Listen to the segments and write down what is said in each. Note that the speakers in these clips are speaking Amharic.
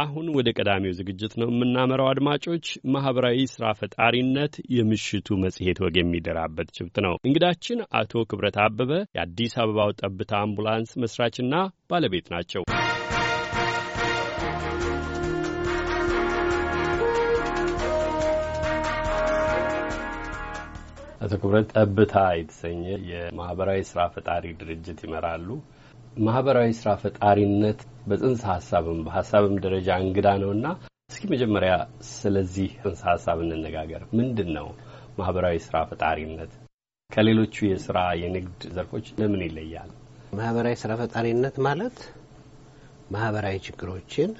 አሁን ወደ ቀዳሚው ዝግጅት ነው የምናመራው። አድማጮች፣ ማህበራዊ ስራ ፈጣሪነት የምሽቱ መጽሔት ወግ የሚደራበት ጭብጥ ነው። እንግዳችን አቶ ክብረት አበበ የአዲስ አበባው ጠብታ አምቡላንስ መስራችና ባለቤት ናቸው። አቶ ክብረት ጠብታ የተሰኘ የማህበራዊ ስራ ፈጣሪ ድርጅት ይመራሉ። ማህበራዊ ስራ ፈጣሪነት በጽንሰ ሀሳብም በሀሳብም ደረጃ እንግዳ ነውና እስኪ መጀመሪያ ስለዚህ ጽንሰ ሀሳብ እንነጋገር። ምንድን ነው ማህበራዊ ስራ ፈጣሪነት? ከሌሎቹ የስራ የንግድ ዘርፎች ለምን ይለያል? ማህበራዊ ስራ ፈጣሪነት ማለት ማህበራዊ ችግሮችን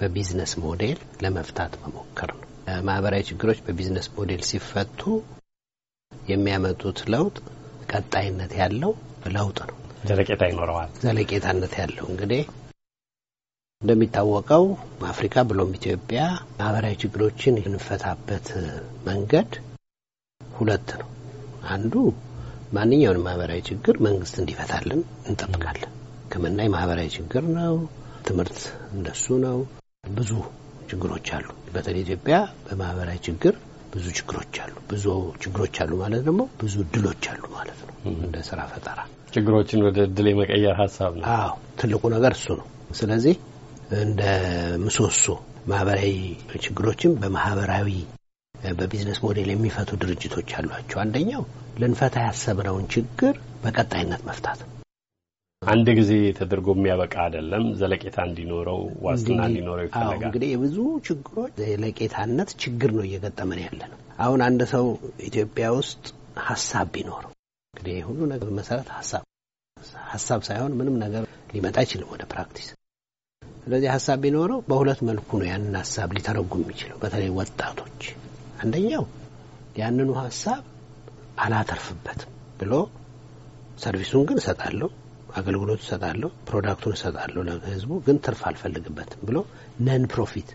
በቢዝነስ ሞዴል ለመፍታት መሞከር ነው። ማህበራዊ ችግሮች በቢዝነስ ሞዴል ሲፈቱ የሚያመጡት ለውጥ ቀጣይነት ያለው ለውጥ ነው። ዘለቄታ ይኖረዋል። ዘለቄታነት ያለው እንግዲህ እንደሚታወቀው አፍሪካ ብሎም ኢትዮጵያ ማህበራዊ ችግሮችን የምንፈታበት መንገድ ሁለት ነው። አንዱ ማንኛውንም ማህበራዊ ችግር መንግስት እንዲፈታልን እንጠብቃለን። ሕክምና የማህበራዊ ችግር ነው። ትምህርት እንደሱ ነው። ብዙ ችግሮች አሉ። በተለይ ኢትዮጵያ በማህበራዊ ችግር ብዙ ችግሮች አሉ። ብዙ ችግሮች አሉ ማለት ደግሞ ብዙ እድሎች አሉ ማለት ነው እንደ ስራ ፈጠራ ችግሮችን ወደ ድል የመቀየር ሀሳብ ነው። አዎ ትልቁ ነገር እሱ ነው። ስለዚህ እንደ ምሰሶ ማህበራዊ ችግሮችን በማህበራዊ በቢዝነስ ሞዴል የሚፈቱ ድርጅቶች አሏቸው። አንደኛው ልንፈታ ያሰብነውን ችግር በቀጣይነት መፍታት አንድ ጊዜ ተደርጎ የሚያበቃ አይደለም። ዘለቄታ እንዲኖረው ዋስትና እንዲኖረው ይፈለጋል። እንግዲህ የብዙ ችግሮች ዘለቄታነት ችግር ነው እየገጠመን ያለ ነው። አሁን አንድ ሰው ኢትዮጵያ ውስጥ ሀሳብ ቢኖረው እንግዲህ ሁሉ ነገር መሰረት ሀሳብ ሀሳብ ሳይሆን ምንም ነገር ሊመጣ አይችልም ወደ ፕራክቲስ። ስለዚህ ሀሳብ ቢኖረው በሁለት መልኩ ነው ያንን ሀሳብ ሊተረጉም የሚችለው በተለይ ወጣቶች። አንደኛው ያንኑ ሀሳብ አላተርፍበትም ብሎ ሰርቪሱን ግን እሰጣለሁ፣ አገልግሎቱ እሰጣለሁ፣ ፕሮዳክቱን እሰጣለሁ ለህዝቡ ግን ትርፍ አልፈልግበትም ብሎ ነን ፕሮፊት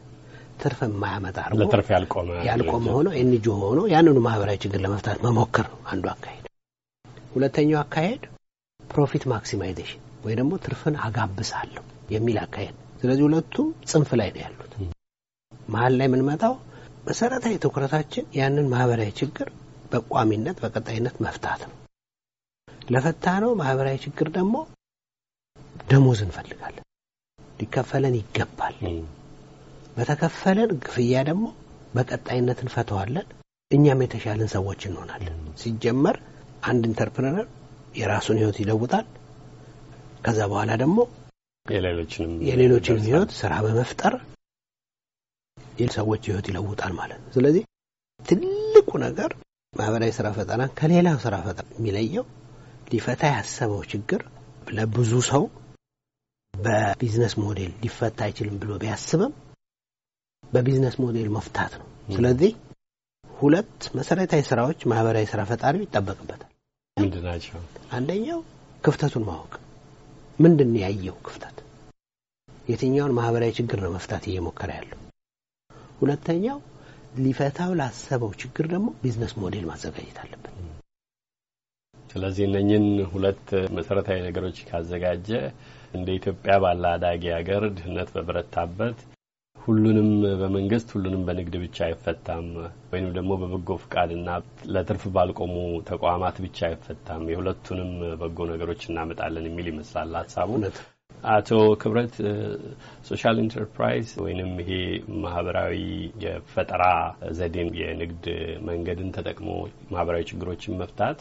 ትርፍ የማያመጣ አድርጎ ያልቆመ ሆኖ ኤንጂኦ ሆኖ ያንኑ ማህበራዊ ችግር ለመፍታት መሞከር ነው አንዱ አካሄድ። ሁለተኛው አካሄድ ፕሮፊት ማክሲማይዜሽን ወይ ደግሞ ትርፍን አጋብሳለሁ የሚል አካሄድ። ስለዚህ ሁለቱም ጽንፍ ላይ ነው ያሉት። መሀል ላይ የምንመጣው መሰረታዊ ትኩረታችን ያንን ማህበራዊ ችግር በቋሚነት በቀጣይነት መፍታት ነው። ለፈታ ነው ማህበራዊ ችግር ደግሞ ደሞዝ እንፈልጋለን። ሊከፈለን ይገባል። በተከፈለን ክፍያ ደግሞ በቀጣይነት እንፈተዋለን። እኛም የተሻለን ሰዎች እንሆናለን። ሲጀመር አንድ ኢንተርፕረነር የራሱን ህይወት ይለውጣል። ከዛ በኋላ ደግሞ የሌሎችንም ህይወት ስራ በመፍጠር የሰዎች ህይወት ይለውጣል ማለት ነው። ስለዚህ ትልቁ ነገር ማህበራዊ ስራ ፈጠራ ከሌላ ስራ ፈጠራ የሚለየው ሊፈታ ያሰበው ችግር ለብዙ ሰው በቢዝነስ ሞዴል ሊፈታ አይችልም ብሎ ቢያስብም በቢዝነስ ሞዴል መፍታት ነው። ስለዚህ ሁለት መሰረታዊ ስራዎች ማህበራዊ ስራ ፈጣሪው ይጠበቅበታል። ምንድን ናቸው? አንደኛው ክፍተቱን ማወቅ። ምንድን ያየው ክፍተት? የትኛውን ማህበራዊ ችግር ነው መፍታት እየሞከረ ያለው? ሁለተኛው ሊፈታው ላሰበው ችግር ደግሞ ቢዝነስ ሞዴል ማዘጋጀት አለበት። ስለዚህ እነኝን ሁለት መሰረታዊ ነገሮች ካዘጋጀ እንደ ኢትዮጵያ ባለ አዳጊ ሀገር ድህነት በበረታበት ሁሉንም በመንግስት ሁሉንም በንግድ ብቻ አይፈታም፣ ወይም ደግሞ በበጎ ፍቃድና ለትርፍ ባልቆሙ ተቋማት ብቻ አይፈታም። የሁለቱንም በጎ ነገሮች እናመጣለን የሚል ይመስላል ሀሳቡ። አቶ ክብረት ሶሻል ኢንተርፕራይዝ ወይንም ይሄ ማህበራዊ የፈጠራ ዘዴን የንግድ መንገድን ተጠቅሞ ማህበራዊ ችግሮችን መፍታት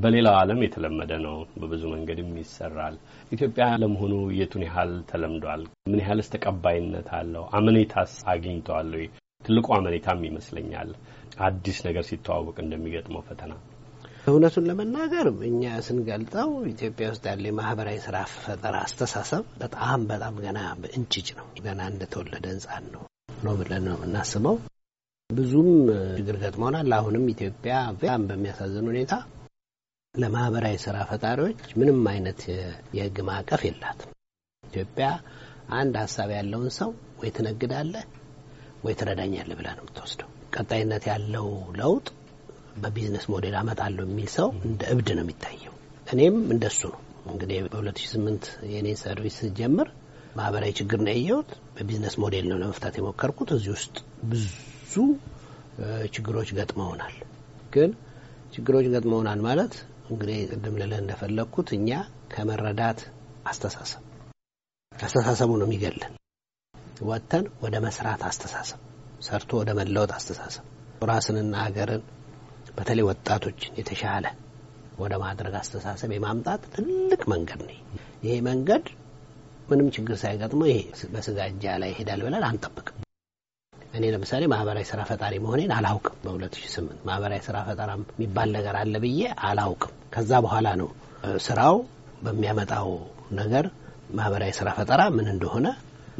በሌላው ዓለም የተለመደ ነው። በብዙ መንገድም ይሰራል። ኢትዮጵያ ለመሆኑ የቱን ያህል ተለምዷል? ምን ያህልስ ተቀባይነት አለው? አመኔታስ አግኝተዋል? ትልቁ አመኔታም ይመስለኛል አዲስ ነገር ሲተዋወቅ እንደሚገጥመው ፈተና። እውነቱን ለመናገር እኛ ስንገልጠው ኢትዮጵያ ውስጥ ያለ የማህበራዊ ስራ ፈጠራ አስተሳሰብ በጣም በጣም ገና በእንጭጭ ነው። ገና እንደተወለደ ህንጻን ነው ነው ብለን ነው የምናስበው። ብዙም ችግር ገጥመናል። አሁንም ኢትዮጵያ በጣም በሚያሳዝን ሁኔታ ለማህበራዊ ስራ ፈጣሪዎች ምንም አይነት የህግ ማዕቀፍ የላትም። ኢትዮጵያ አንድ ሀሳብ ያለውን ሰው ወይ ትነግዳለህ ወይ ትረዳኛለህ ብላ ነው የምትወስደው። ቀጣይነት ያለው ለውጥ በቢዝነስ ሞዴል አመጣለሁ የሚል ሰው እንደ እብድ ነው የሚታየው። እኔም እንደሱ ነው። እንግዲህ በ2008 የእኔን ሰርቪስ ጀምር ማህበራዊ ችግር ነው ያየሁት። በቢዝነስ ሞዴል ነው ለመፍታት የሞከርኩት። እዚህ ውስጥ ብዙ ችግሮች ገጥመውናል። ግን ችግሮች ገጥመውናል ማለት እንግዲህ ቅድም ልልህ እንደፈለግኩት እኛ ከመረዳት አስተሳሰብ አስተሳሰቡ ነው የሚገልን ወጥተን ወደ መስራት አስተሳሰብ ሰርቶ ወደ መለወጥ አስተሳሰብ ራስንና ሀገርን በተለይ ወጣቶችን የተሻለ ወደ ማድረግ አስተሳሰብ የማምጣት ትልቅ መንገድ ነው። ይሄ መንገድ ምንም ችግር ሳይገጥመው ይሄ በስጋጃ ላይ ይሄዳል ብለን አንጠብቅም። እኔ ለምሳሌ ማህበራዊ ስራ ፈጣሪ መሆኔን አላውቅም። በ2008 ማህበራዊ ስራ ፈጠራ የሚባል ነገር አለ ብዬ አላውቅም። ከዛ በኋላ ነው ስራው በሚያመጣው ነገር ማህበራዊ ስራ ፈጠራ ምን እንደሆነ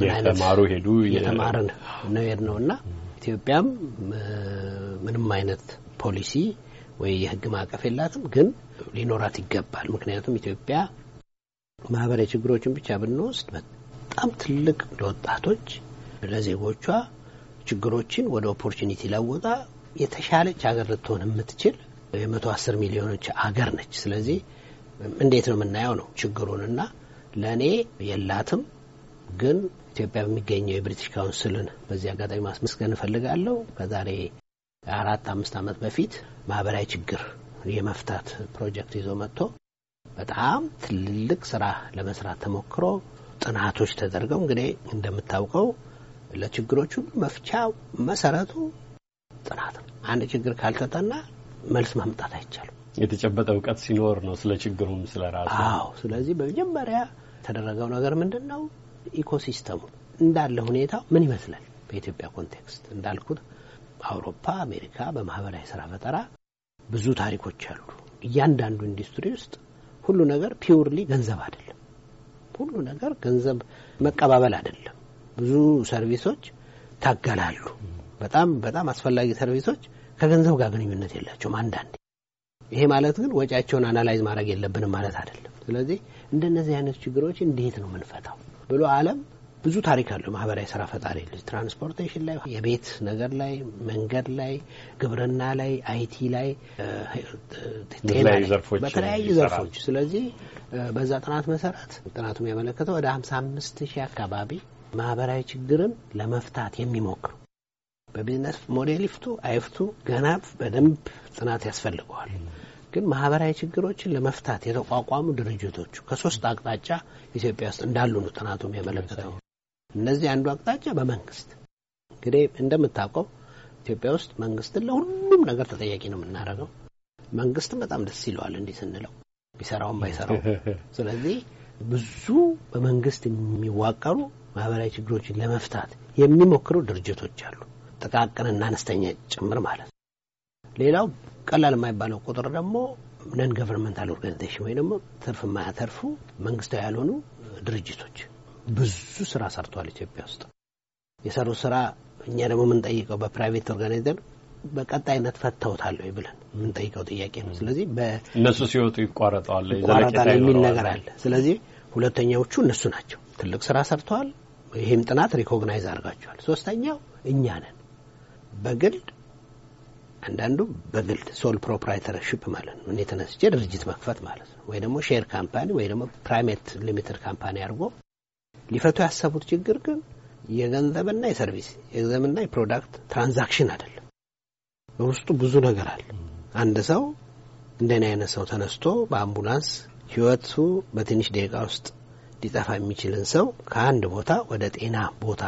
የተማሩ ሄዱ የተማርን ነው ሄድ ነው እና ኢትዮጵያም ምንም አይነት ፖሊሲ ወይ የህግ ማዕቀፍ የላትም፣ ግን ሊኖራት ይገባል። ምክንያቱም ኢትዮጵያ ማህበራዊ ችግሮችን ብቻ ብንወስድ በጣም ትልቅ ለወጣቶች ለዜጎቿ ችግሮችን ወደ ኦፖርቹኒቲ ለውጣ የተሻለች ሀገር ልትሆን የምትችል የመቶ አስር ሚሊዮኖች አገር ነች። ስለዚህ እንዴት ነው የምናየው ነው ችግሩንና ለእኔ የላትም ግን ኢትዮጵያ በሚገኘው የብሪቲሽ ካውንስልን በዚህ አጋጣሚ ማስመስገን እፈልጋለሁ። ከዛሬ አራት አምስት ዓመት በፊት ማህበራዊ ችግር የመፍታት ፕሮጀክት ይዞ መጥቶ በጣም ትልልቅ ስራ ለመስራት ተሞክሮ ጥናቶች ተደርገው እንግዲህ እንደምታውቀው ለችግሮቹ መፍቻው መሰረቱ ጥናት ነው። አንድ ችግር ካልተጠና መልስ ማምጣት አይቻልም። የተጨበጠ እውቀት ሲኖር ነው ስለ ችግሩም ስለ ራሱ። አዎ። ስለዚህ በመጀመሪያ የተደረገው ነገር ምንድን ነው? ኢኮሲስተሙ እንዳለ ሁኔታው ምን ይመስላል? በኢትዮጵያ ኮንቴክስት እንዳልኩት አውሮፓ፣ አሜሪካ በማህበራዊ ስራ ፈጠራ ብዙ ታሪኮች አሉ። እያንዳንዱ ኢንዱስትሪ ውስጥ ሁሉ ነገር ፒውርሊ ገንዘብ አይደለም። ሁሉ ነገር ገንዘብ መቀባበል አይደለም። ብዙ ሰርቪሶች ታገላሉ። በጣም በጣም አስፈላጊ ሰርቪሶች ከገንዘብ ጋር ግንኙነት የላቸውም አንዳንዴ። ይሄ ማለት ግን ወጪያቸውን አናላይዝ ማድረግ የለብንም ማለት አይደለም። ስለዚህ እንደነዚህ አይነት ችግሮች እንዴት ነው የምንፈታው ብሎ አለም ብዙ ታሪክ አለው። ማህበራዊ ስራ ፈጣሪ ልጅ ትራንስፖርቴሽን ላይ፣ የቤት ነገር ላይ፣ መንገድ ላይ፣ ግብርና ላይ፣ አይቲ ላይ፣ በተለያዩ ዘርፎች። ስለዚህ በዛ ጥናት መሰረት ጥናቱ የሚያመለከተው ወደ አምስት ሺህ አካባቢ ማህበራዊ ችግርን ለመፍታት የሚሞክሩ በቢዝነስ ሞዴል ይፍቱ አይፍቱ ገና በደንብ ጥናት ያስፈልገዋል። ግን ማህበራዊ ችግሮችን ለመፍታት የተቋቋሙ ድርጅቶቹ ከሶስት አቅጣጫ ኢትዮጵያ ውስጥ እንዳሉ ነው ጥናቱ የመለከተው። እነዚህ አንዱ አቅጣጫ በመንግስት እንግዲህ እንደምታውቀው ኢትዮጵያ ውስጥ መንግስትን ለሁሉም ነገር ተጠያቂ ነው የምናደርገው። መንግስትም በጣም ደስ ይለዋል እንዲህ ስንለው ቢሰራውም ባይሰራው። ስለዚህ ብዙ በመንግስት የሚዋቀሩ ማህበራዊ ችግሮችን ለመፍታት የሚሞክሩ ድርጅቶች አሉ፣ ጥቃቅንና አነስተኛ ጭምር ማለት ነው። ሌላው ቀላል የማይባለው ቁጥር ደግሞ ነን ገቨርንመንታል ኦርጋኒዜሽን ወይ ደግሞ ትርፍ የማያተርፉ መንግስታዊ ያልሆኑ ድርጅቶች ብዙ ስራ ሰርተዋል ኢትዮጵያ ውስጥ የሰሩት ስራ እኛ ደግሞ የምንጠይቀው በፕራይቬት ኦርጋናይዘር በቀጣይነት ፈተውታል ወይ ብለን የምንጠይቀው ጥያቄ ነው። ስለዚህ እነሱ ሲወጡ ይቋረጠዋል የሚል ነገር አለ። ስለዚህ ሁለተኛዎቹ እነሱ ናቸው። ትልቅ ስራ ሰርተዋል። ይህም ጥናት ሪኮግናይዝ አድርጋቸዋል። ሶስተኛው እኛ ነን በግልድ አንዳንዱ በግልድ ሶል ፕሮፕራይተርሽፕ ማለት ነው። እኔ ተነስቼ ድርጅት መክፈት ማለት ነው፣ ወይ ደግሞ ሼር ካምፓኒ ወይ ደግሞ ፕራይሜት ሊሚትድ ካምፓኒ አድርጎ ሊፈቱ ያሰቡት ችግር ግን የገንዘብና የሰርቪስ የገንዘብና የፕሮዳክት ትራንዛክሽን አይደለም። በውስጡ ብዙ ነገር አለ። አንድ ሰው እንደኔ አይነት ሰው ተነስቶ በአምቡላንስ ህይወቱ በትንሽ ደቂቃ ውስጥ ሊጠፋ የሚችልን ሰው ከአንድ ቦታ ወደ ጤና ቦታ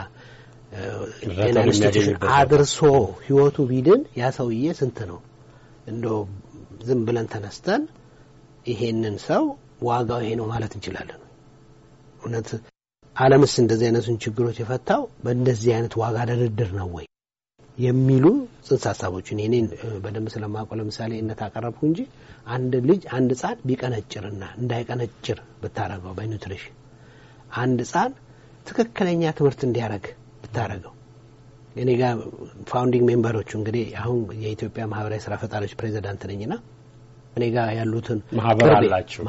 ጤና አድርሶ ህይወቱ ቢድን ያ ሰውዬ ስንት ነው? እንደ ዝም ብለን ተነስተን ይሄንን ሰው ዋጋው ይሄ ነው ማለት እንችላለን? እውነት ዓለምስ እንደዚህ አይነቱን ችግሮች የፈታው በእንደዚህ አይነት ዋጋ ድርድር ነው ወይ የሚሉ ጽንሰ ሀሳቦችን እኔን በደንብ ስለማውቀው ለምሳሌ እነት አቀረብኩ እንጂ አንድ ልጅ አንድ ሕጻን ቢቀነጭርና እንዳይቀነጭር ብታረገው በኒውትሪሽን አንድ ህፃን ትክክለኛ ትምህርት እንዲያደረግ ብታደረገው እኔ ጋር ፋውንዲንግ ሜምበሮቹ እንግዲህ አሁን የኢትዮጵያ ማህበራዊ ስራ ፈጣሪዎች ፕሬዚዳንት ነኝና እኔ ጋር ያሉትን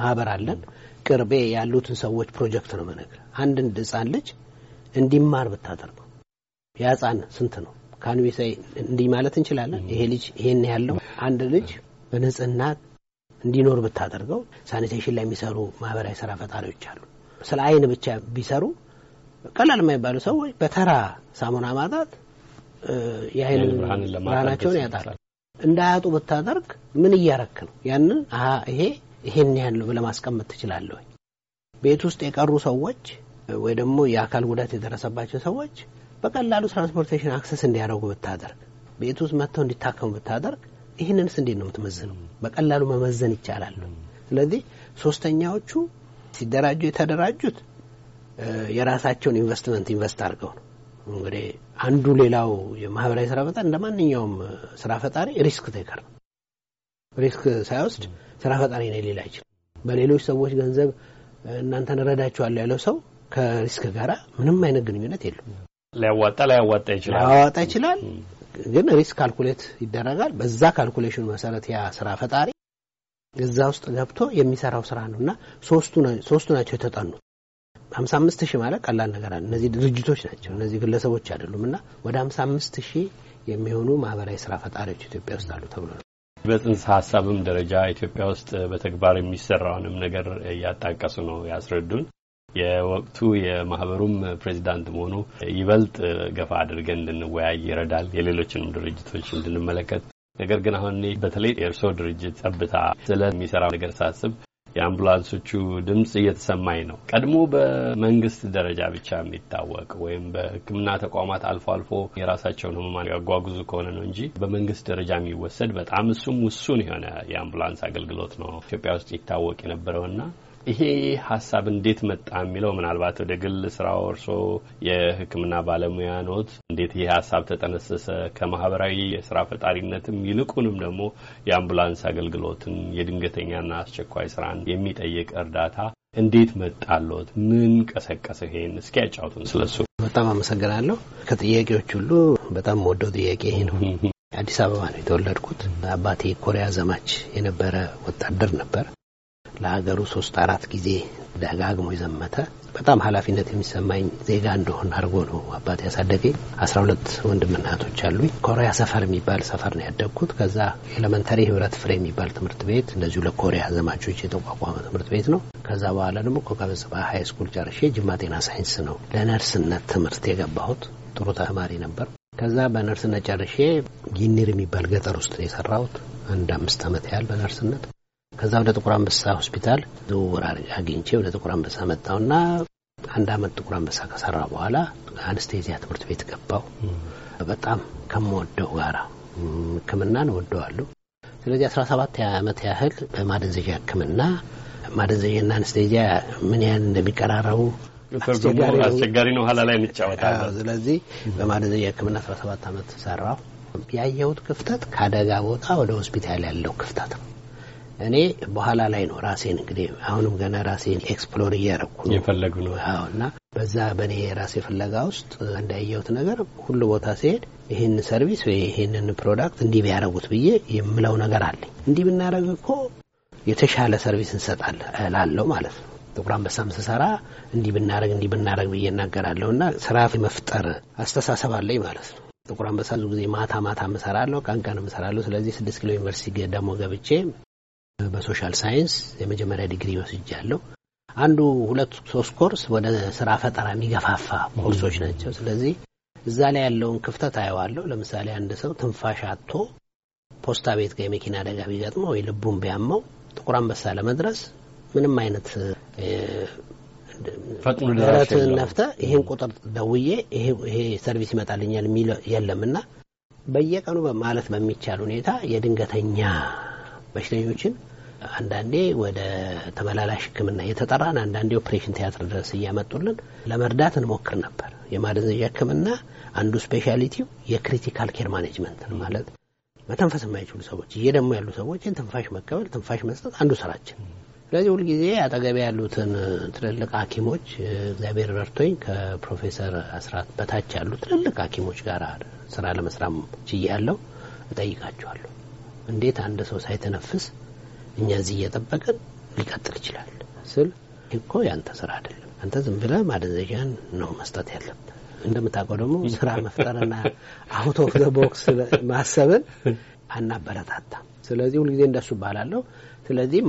ማህበር አለን። ቅርቤ ያሉትን ሰዎች ፕሮጀክት ነው መነግር አንድን ህፃን ልጅ እንዲማር ብታደርገው ያ ህፃን ስንት ነው ካንቢሳ እንዲህ ማለት እንችላለን። ይሄ ልጅ ይሄን ያለው አንድ ልጅ በንጽህና እንዲኖር ብታደርገው ሳኒቴሽን ላይ የሚሰሩ ማህበራዊ ስራ ፈጣሪዎች አሉ። ስለ አይን ብቻ ቢሰሩ ቀላል የማይባሉ ሰዎች በተራ ሳሙና ማጣት የአይን ብርሃናቸውን ያጣል። እንዳያጡ ብታደርግ ምን እያረክ ነው? ያንን አ ይሄ ይሄን ያህል ነው ብለህ ማስቀመጥ ትችላለህ። ቤት ውስጥ የቀሩ ሰዎች ወይ ደግሞ የአካል ጉዳት የደረሰባቸው ሰዎች በቀላሉ ትራንስፖርቴሽን አክሰስ እንዲያደርጉ ብታደርግ፣ ቤት ውስጥ መጥተው እንዲታከሙ ብታደርግ፣ ይህንንስ እንዴት ነው የምትመዝነው? በቀላሉ መመዘን ይቻላል። ስለዚህ ሶስተኛዎቹ ሲደራጁ የተደራጁት የራሳቸውን ኢንቨስትመንት ኢንቨስት አድርገው ነው። እንግዲህ አንዱ ሌላው የማህበራዊ ስራ ፈጣሪ እንደ ማንኛውም ስራ ፈጣሪ ሪስክ ቴከር ነው። ሪስክ ሳይወስድ ስራ ፈጣሪ ነው ሌላ አይችልም። በሌሎች ሰዎች ገንዘብ እናንተን እረዳችኋለሁ ያለው ሰው ከሪስክ ጋር ምንም አይነት ግንኙነት የለም። ሊያዋጣ ላያዋጣ ይችላል። ሊያዋጣ ይችላል፣ ግን ሪስክ ካልኩሌት ይደረጋል። በዛ ካልኩሌሽን መሰረት ያ ስራ ፈጣሪ እዛ ውስጥ ገብቶ የሚሰራው ስራ ነው እና ሶስቱ ናቸው የተጠኑት። ሀምሳ አምስት ሺህ ማለት ቀላል ነገር አለ። እነዚህ ድርጅቶች ናቸው፣ እነዚህ ግለሰቦች አይደሉም። እና ወደ ሀምሳ አምስት ሺህ የሚሆኑ ማህበራዊ ስራ ፈጣሪዎች ኢትዮጵያ ውስጥ አሉ ተብሎ ነው። በጽንሰ ሀሳብም ደረጃ ኢትዮጵያ ውስጥ በተግባር የሚሰራውንም ነገር እያጣቀሱ ነው ያስረዱን። የወቅቱ የማህበሩም ፕሬዚዳንት መሆኑ ይበልጥ ገፋ አድርገን እንድንወያይ ይረዳል። የሌሎችንም ድርጅቶች እንድንመለከት ነገር ግን አሁን እኔ በተለይ የእርስዎ ድርጅት ጠብታ ስለሚሰራው ነገር ሳስብ የአምቡላንሶቹ ድምፅ እየተሰማኝ ነው። ቀድሞ በመንግስት ደረጃ ብቻ የሚታወቅ ወይም በሕክምና ተቋማት አልፎ አልፎ የራሳቸውን ህሙማን ያጓጉዙ ከሆነ ነው እንጂ በመንግስት ደረጃ የሚወሰድ በጣም እሱም ውሱን የሆነ የአምቡላንስ አገልግሎት ነው ኢትዮጵያ ውስጥ ይታወቅ የነበረውና ይሄ ሀሳብ እንዴት መጣ የሚለው ምናልባት ወደ ግል ስራው እርሶ የሕክምና ባለሙያ ኖት፣ እንዴት ይሄ ሀሳብ ተጠነሰሰ? ከማህበራዊ የስራ ፈጣሪነትም ይልቁንም ደግሞ የአምቡላንስ አገልግሎትን የድንገተኛና አስቸኳይ ስራን የሚጠይቅ እርዳታ እንዴት መጣለት? ምን ቀሰቀሰ? ይሄን እስኪ ያጫውቱን ስለሱ። በጣም አመሰግናለሁ። ከጥያቄዎች ሁሉ በጣም ወደው ጥያቄ ይሄ ነው። አዲስ አበባ ነው የተወለድኩት። አባቴ ኮሪያ ዘማች የነበረ ወታደር ነበር። ለሀገሩ ሶስት አራት ጊዜ ደጋግሞ የዘመተ በጣም ኃላፊነት የሚሰማኝ ዜጋ እንደሆን አድርጎ ነው አባት ያሳደገኝ። አስራ ሁለት ወንድምና እህቶች አሉኝ። ኮሪያ ሰፈር የሚባል ሰፈር ነው ያደግኩት። ከዛ ኤሌመንተሪ ህብረት ፍሬ የሚባል ትምህርት ቤት እንደዚሁ ለኮሪያ ዘማቾች የተቋቋመ ትምህርት ቤት ነው። ከዛ በኋላ ደግሞ ኮከበ ጽባህ ሀይ ስኩል ጨርሼ ጅማ ጤና ሳይንስ ነው ለነርስነት ትምህርት የገባሁት። ጥሩ ተማሪ ነበር። ከዛ በነርስነት ጨርሼ ጊኒር የሚባል ገጠር ውስጥ ነው የሰራሁት አንድ አምስት አመት ያህል በነርስነት ከዛ ወደ ጥቁር አንበሳ ሆስፒታል ዝውውር አግኝቼ ወደ ጥቁር አንበሳ መጣሁና አንድ አመት ጥቁር አንበሳ ከሰራ በኋላ አንስቴዚያ ትምህርት ቤት ገባው። በጣም ከምወደው ጋር ሕክምናን ወደዋለሁ። ስለዚህ አስራ ሰባት አመት ያህል በማደንዘዣ ሕክምና ማደንዘዣና አንስቴዚያ ምን ያህል እንደሚቀራረቡ አስቸጋሪ ነው። ኋላ ላይ እንጫወታለን። ስለዚህ በማደንዘዣ ሕክምና ሰባት አመት ሰራው። ያየሁት ክፍተት ከአደጋ ቦታ ወደ ሆስፒታል ያለው ክፍተት ነው። እኔ በኋላ ላይ ነው ራሴን እንግዲህ አሁንም ገና ራሴን ኤክስፕሎር እያረኩ የፈለጉ ነው አዎ እና በዛ በእኔ የራሴ ፍለጋ ውስጥ እንዳየሁት ነገር ሁሉ ቦታ ሲሄድ ይህን ሰርቪስ ወይ ይህንን ፕሮዳክት እንዲህ ቢያደረጉት ብዬ የምለው ነገር አለኝ። እንዲህ ብናደረግ እኮ የተሻለ ሰርቪስ እንሰጣለን እላለሁ ማለት ነው። ጥቁር አንበሳም ስሰራ እንዲህ ብናደረግ እንዲህ ብናደረግ ብዬ እናገራለሁ እና ስራ መፍጠር አስተሳሰብ አለኝ ማለት ነው። ጥቁር አንበሳ ብዙ ጊዜ ማታ ማታ ምሰራለሁ፣ ቀን ቀን ምሰራለሁ። ስለዚህ ስድስት ኪሎ ዩኒቨርሲቲ ደግሞ ገብቼ በሶሻል ሳይንስ የመጀመሪያ ዲግሪ ወስጃለሁ። አንዱ ሁለት ሶስት ኮርስ ወደ ስራ ፈጠራ የሚገፋፋ ኮርሶች ናቸው። ስለዚህ እዛ ላይ ያለውን ክፍተት አየዋለሁ። ለምሳሌ አንድ ሰው ትንፋሽ አጥቶ ፖስታ ቤት ጋር የመኪና አደጋ ቢገጥመው ወይ ልቡን ቢያመው ጥቁር አንበሳ ለመድረስ ምንም አይነት ረትን ነፍተ ይህን ቁጥር ደውዬ ይሄ ሰርቪስ ይመጣልኛል የሚል የለምና በየቀኑ ማለት በሚቻል ሁኔታ የድንገተኛ በሽተኞችን አንዳንዴ ወደ ተመላላሽ ሕክምና የተጠራን አንዳንዴ ኦፕሬሽን ቲያትር ድረስ እያመጡልን ለመርዳት እንሞክር ነበር። የማደንዘዣ ሕክምና አንዱ ስፔሻሊቲው የክሪቲካል ኬር ማኔጅመንት ማለት መተንፈስ የማይችሉ ሰዎች ደግሞ ያሉ ሰዎችን ትንፋሽ መቀበል፣ ትንፋሽ መስጠት አንዱ ስራችን። ስለዚህ ሁልጊዜ አጠገቤ ያሉትን ትልልቅ ሐኪሞች እግዚአብሔር ረድቶኝ ከፕሮፌሰር አስራት በታች ያሉ ትልልቅ ሐኪሞች ጋር ስራ ለመስራት ችያለሁ። እጠይቃቸዋለሁ እንዴት አንድ ሰው ሳይተነፍስ እኛ እዚህ እየጠበቀን ሊቀጥል ይችላል ስል እኮ ያንተ ስራ አይደለም። አንተ ዝም ብለህ ማደዘዣን ነው መስጠት ያለብህ። እንደምታውቀው ደግሞ ስራ መፍጠርና አውት ኦፍ ዘ ቦክስ ማሰብን አናበረታታም። ስለዚህ ሁልጊዜ እንደሱ ባላለሁ። ስለዚህ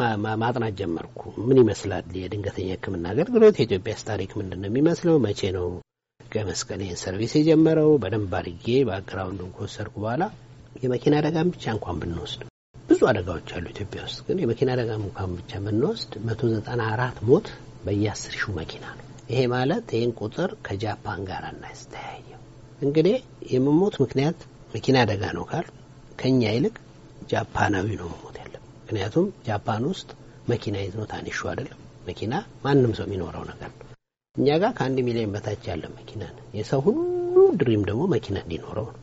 ማጥናት ጀመርኩ። ምን ይመስላል የድንገተኛ ሕክምና አገልግሎት የኢትዮጵያስ ታሪክ ምንድን ነው የሚመስለው? መቼ ነው ቀይ መስቀል ይህን ሰርቪስ የጀመረው? በደንብ አድርጌ ባክግራውንዱን ከወሰድኩ በኋላ የመኪና አደጋን ብቻ እንኳን ብንወስድ ብዙ አደጋዎች አሉ ኢትዮጵያ ውስጥ ግን የመኪና አደጋ እንኳን ብቻ ብንወስድ መቶ ዘጠና አራት ሞት በየአስር ሺው መኪና ነው። ይሄ ማለት ይህን ቁጥር ከጃፓን ጋር እናስተያየው። እንግዲህ የመሞት ምክንያት መኪና አደጋ ነው ካል ከኛ ይልቅ ጃፓናዊ ነው መሞት ያለ። ምክንያቱም ጃፓን ውስጥ መኪና ይዝ ነው ታንሹ አይደለም። መኪና ማንም ሰው የሚኖረው ነገር ነው። እኛ ጋር ከአንድ ሚሊዮን በታች ያለ መኪና ነው። የሰው ሁሉ ድሪም ደግሞ መኪና እንዲኖረው ነው።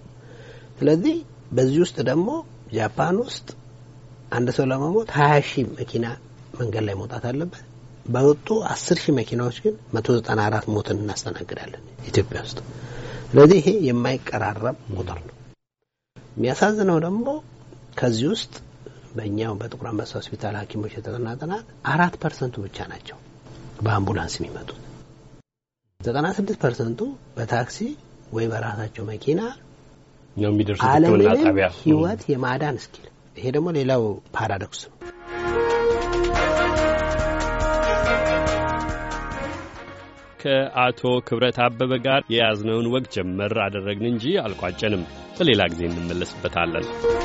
ስለዚህ በዚህ ውስጥ ደግሞ ጃፓን ውስጥ አንድ ሰው ለመሞት ሀያ ሺህ መኪና መንገድ ላይ መውጣት አለበት። በወጡ አስር ሺህ መኪናዎች ግን መቶ ዘጠና አራት ሞትን እናስተናግዳለን ኢትዮጵያ ውስጥ። ስለዚህ ይሄ የማይቀራረብ ቁጥር ነው። የሚያሳዝነው ደግሞ ከዚህ ውስጥ በእኛው በጥቁር አንበሳ ሆስፒታል ሐኪሞች የተጠና ጥናት አራት ፐርሰንቱ ብቻ ናቸው በአምቡላንስ የሚመጡት። ዘጠና ስድስት ፐርሰንቱ በታክሲ ወይ በራሳቸው መኪና ነው የሚደርሱት ሕክምና ህይወት የማዳን እስኪል። ይሄ ደግሞ ሌላው ፓራዶክስ ነው። ከአቶ ክብረት አበበ ጋር የያዝነውን ወግ ጀመር አደረግን እንጂ አልቋጨንም። በሌላ ጊዜ እንመለስበታለን።